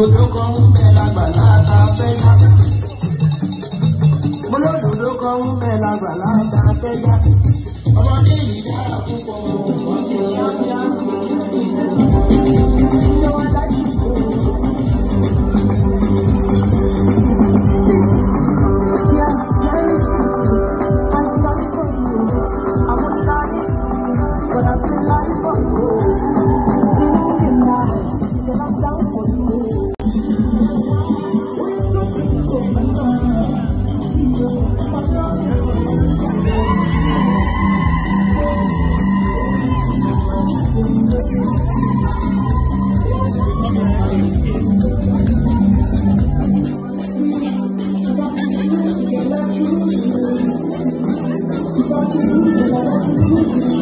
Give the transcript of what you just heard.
Olódòdó kan ń bẹ lágbàlá ta fẹ́ yá. Olódòdó kan ń bẹ lágbàlá ta fẹ́ yá. Ọmọdé yìí dára púpọ̀. Thank you.